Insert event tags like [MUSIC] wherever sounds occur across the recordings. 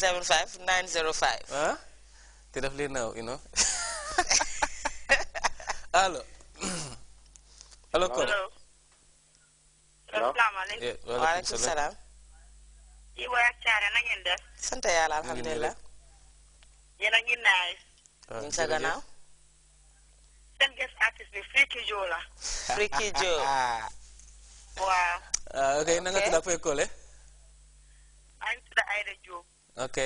seven five nine zero five. te daf leen naaw you know [LAUGHS] [CLEARS THROAT] allo. allo kon allo. salaamaaleykum eh, salaam. ci waa Thiaré na ngeen def. sant yàlla alhamdulilah. yéen a ngi naay. Ah, ñu ngi sa gannaaw. seen guest artist bi Freaky Joe la. [LAUGHS] Freaky Joe. waaw. Ah, ok na nga tudd ak fay Kole. maa ngi tudd Aïda ok.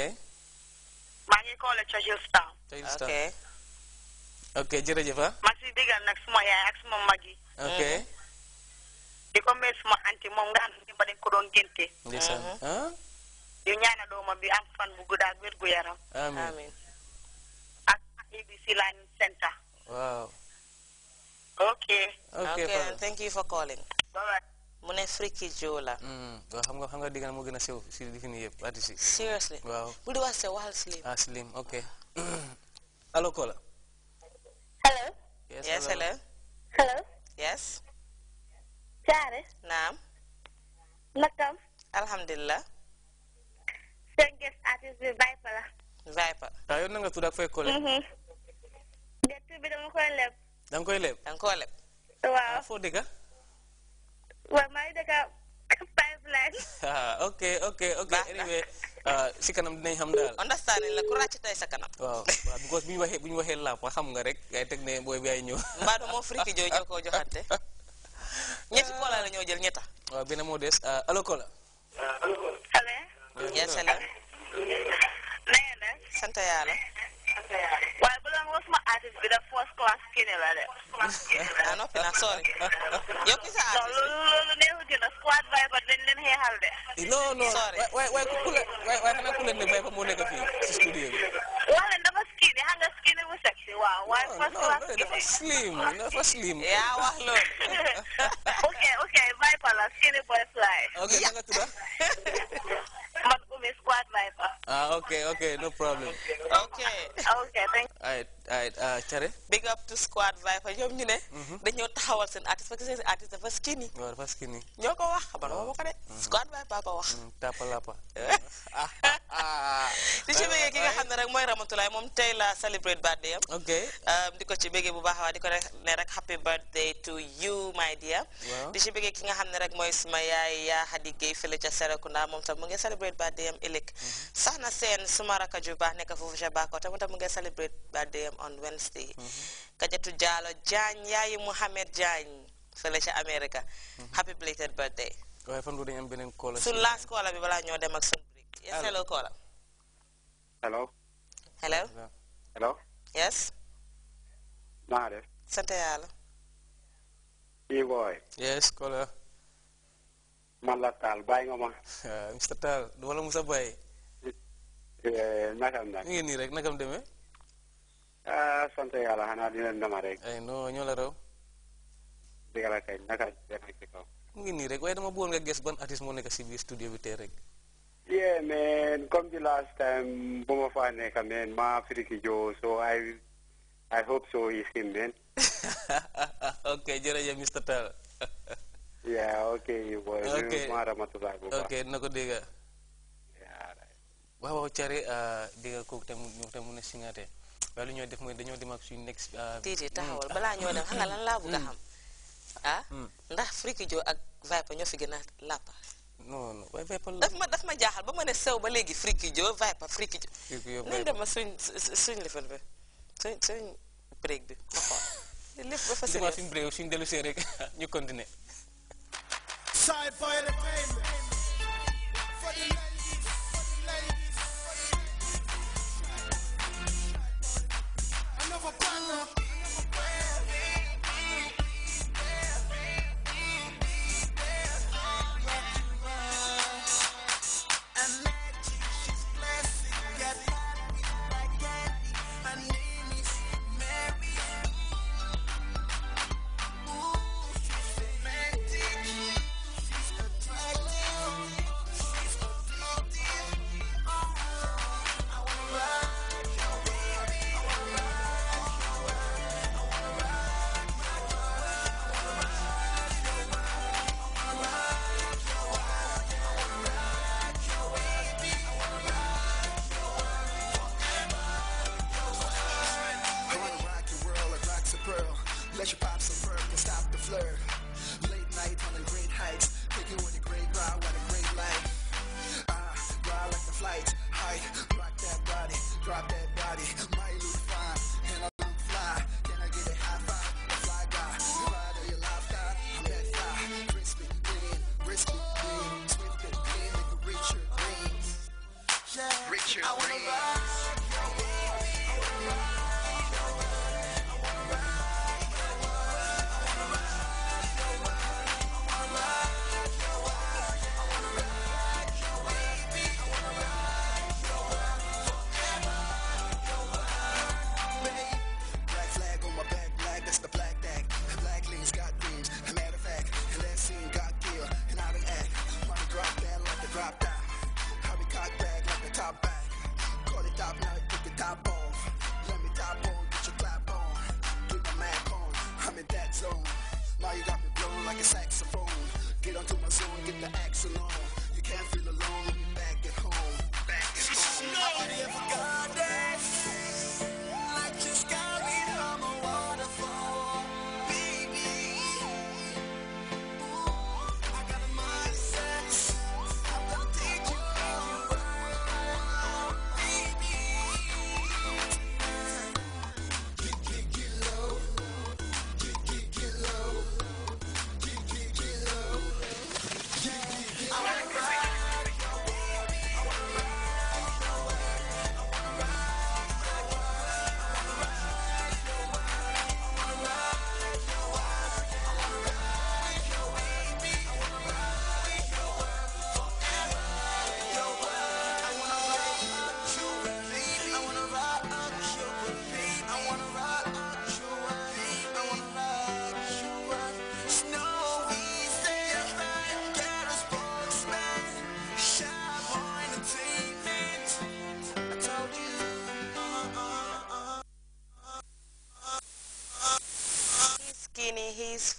maa ngi collège Churchillstown. Churchillstown ok. ok jërëjëf ah. ma si digal nag suma yaay ak suma mag yi. ok. Mhm. di ko may suma anti moom nga xam ne ba dañ ko doon génte. ndeysaan mhm. ah. ñaana doomam bi am fan bu gudd ak wér gu yaram. amiin ak ABC Learning Center. waaw. ok. ok thank you for calling. bye mu ne Freaky Joe la. Mm, waaw xam nga xam nga digga moo gën a sew si li fi yëpp artiste yi. seriously waaw bu di wax sew waxal slim. Ah, slim ok [CLEARS THROAT] allo Kola. hello. yes hello. hello. yes. Saare. naam. nakam. alhamdulilah. seen guest artist bi Viper la. Viper. waaw ah, yow na nga tudd ak fooy Kola. de tur bi dama koy leb. da koy leb. waaw ah, foo dëkk waaw maa ngi dëkk pipeline. [LAUGHS] ok ok ok. anyway uh, si kanam dinañ xam daal. understand la ku ràcc tey sa kanam. waaw waaw because ñu waxee bu ñu waxee làmp xam nga rek ngay teg ne booy bi ay ñëw. Mbadou moo friki jooy ñoo koo joxante. ñetti [LAUGHS] kola la ñoo jël ñetta. Ah. waaw beneen moo des uh, allo kola. allo. na ngeen def. Why belong was my artist with a first class skinny like that? I'm not finna sorry. Yo kisa artist. No, no, no, no, no, no, squad vibe but then then here halde. No, no. Sorry. Why why kule why why kana kule ne vibe mo Why ka fi studio. Wala ndaba skinny, hanga skinny was sexy. Wow, why first class skinny? Slim, never slim. Yeah, wah look. [LAUGHS] Okay, okay, vibe pala skinny boy fly. Okay, I'm hanga tu ba. Mas umi squad vibe. Ah, okay, okay, no problem. Okay. okay okay thank you. all right all right Thiaré. Uh, big up to squad vibe fa ñoom ñu ne. Mm-hmm. dañoo taxawal seen artiste parce que seen artiste dafa skinny. waaw ñoo ko wax xam nga ma ko de. Mm-hmm. squad vibe ba ko wax. Mm, tapalapa. [LAUGHS] Ah, ah, ah. di ci bëggee ki nga xam ne rek mooy Ramatulaay moom tey la celebrate birthday di ko ci bëggee bu baax a di ko rek ne rek happy birthday to you my ki nga xam ne rek mooy suma yaay yaa Hadi Gueye fële ca Serekunda moom tam mu ngi celebrate birthday am sax na seen suma rakk ju baax nekk foofu ca Bakau tam mu ngi celebrate birthday am on Wednesday mhm. Kajatu Jaalo Jaañ yaayi Mouhamed Jaañ fële ca America mhm. happy belated birthday waaye fan bu dañu am beneen koola su last koola bi balaa ñoo dem ak Hello. Hello. Hello. Yes. Nare. Sante yalla. boy. Yes, kola. Man la Tall Mister nga ma. Mr Tall du ma la musa bàyyi. Eh, nakam na. mi ngi nii rek nakam demee. ah sante yàlla hana di leen dama rek. ay eh, no, ñoo la raw. dëgg la kay naka demee ci kaw. ngi rek way dama bëggoon nga gis ban artiste mo nek ci studio bi rek. Yeah, man. Come the last time, Bumafaneka, man, Ma Africa Joe, so I I hope so is him, man. [LAUGHS] okay, jere ya Mr. Tell. [LAUGHS] yeah, okay, boy. Okay. Mara matulago. Okay, nako diga. Yeah, right. Wow, cari euh diga ko tam ñu tam mëna singate. Balu ñoo def moy dañoo dem ak suñu next euh Dédé taxawal bala ñoo dem xam nga lan la bëgg xam. Ah? Ndax Friki Jo ak Viper ñoo fi gëna lappa. non non daf ma daf ma jaaxal ba ma ne sew ba léegi friki jo Viper friki jo. friki jo dem ma suñ suñ lifin bi suñ suñ break bi ma xool fa. suñ break suñ dellu see rek [LAUGHS] ñu continuer. I wanna ride.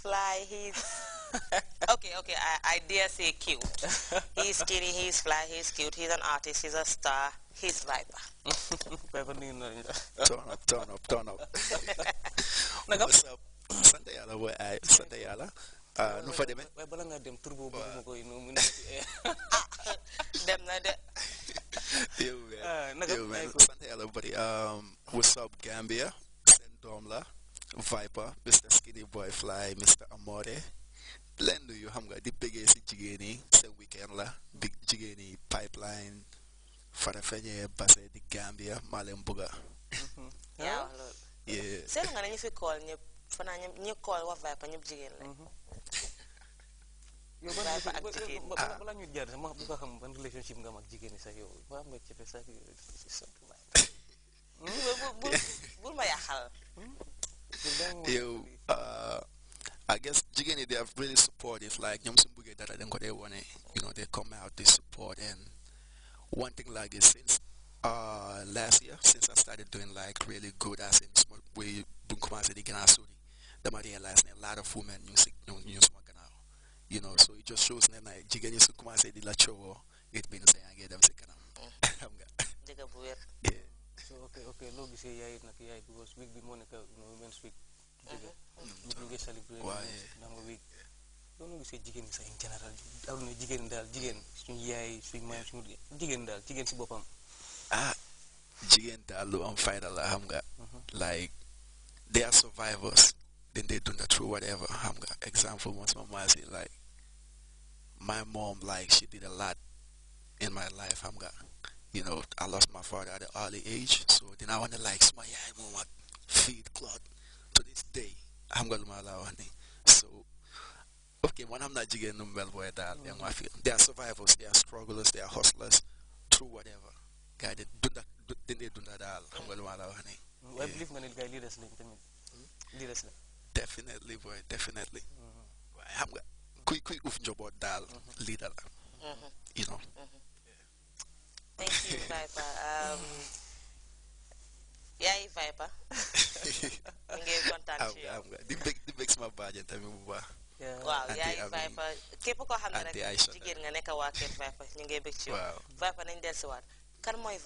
fly, he's... [LAUGHS] okay, okay, I, I dare say cute. he's skinny, he's fly, he's cute, he's an artist, he's a star, he's Viper. turn up, turn up, turn up. [LAUGHS] What's up? Sunday yalla where I, eh, Sunday yalla. Uh, ah, no for them. Where Balanga them turbo bugo in no Them na de. [LAUGHS] Yo man. Ah, Yo man. Sunday Yala, buddy. Um, what's up, Gambia? Send Domla. Viper Mr. Skinny Boy Fly Mr. Amore Lendo nuyu Hamga nga di bëggee si jigéen yi weekend la big jigéen yi pipeline farafeñe base di Gambia maa ya, bëgga yaa seen nga nañu fi kool ñëpp fanaa ñëpp ñi kool wax Viper ñëpp jigéen la yow ban bala ñu jaar sax ma bëgg xam ban relationship nga am ak jigéen yi sax yow ba am nga cëfe sax bul ma yàqal You, uh, I guess Jigani they are really supportive. Like eh, you know they come out they support and one thing like is since uh, last year since I started doing like really good as in we Bunkuma City Ganasuri, the Maria last a lot of women music you know, so it just shows that like Jigani Sukuma said la chowo it means I get them sick eh. [LAUGHS] yeah. So okay okay no be say yeah it na because week be Monica uh, no women's week ñu ngi célébrer danga week loolu jigéen sax en général aduna jigéen daal jigéen suñu yaay suñu maam suñu jigéen daal jigéen si boppam ah jigéen daal lu am fayda la xam nga like they are survivors then they do that through whatever xam nga example moom sama maa si like my mom like she did a lot in my life xam nga you know I lost my father at an early age so then I want to like suma yaay moom ak feed cloth to this day I'm gonna hamgaluma alawani so okay one hamna jige numbel boy dal yang feel. they are survivors they are strugglers they are hustlers through whatever guy they do that then they do that dal hamgaluma alawani I believe man guy leaders link leaders definitely boy definitely going kuy kuy uf njobot dal mm-hmm. leader mm-hmm. you know mm-hmm. thank you Piper um [LAUGHS] yaay Viper. ñu [LAUGHS] ngi kontaan ci yow am nga di bëgg di bëgg a baajan tamit bu baax. waaw yaay Viper képp koo xam ne rek jigéen nga nekk waa kër Viper ñu ngi bëgg ci yow. Viper nañ dellusiwaat kan mooy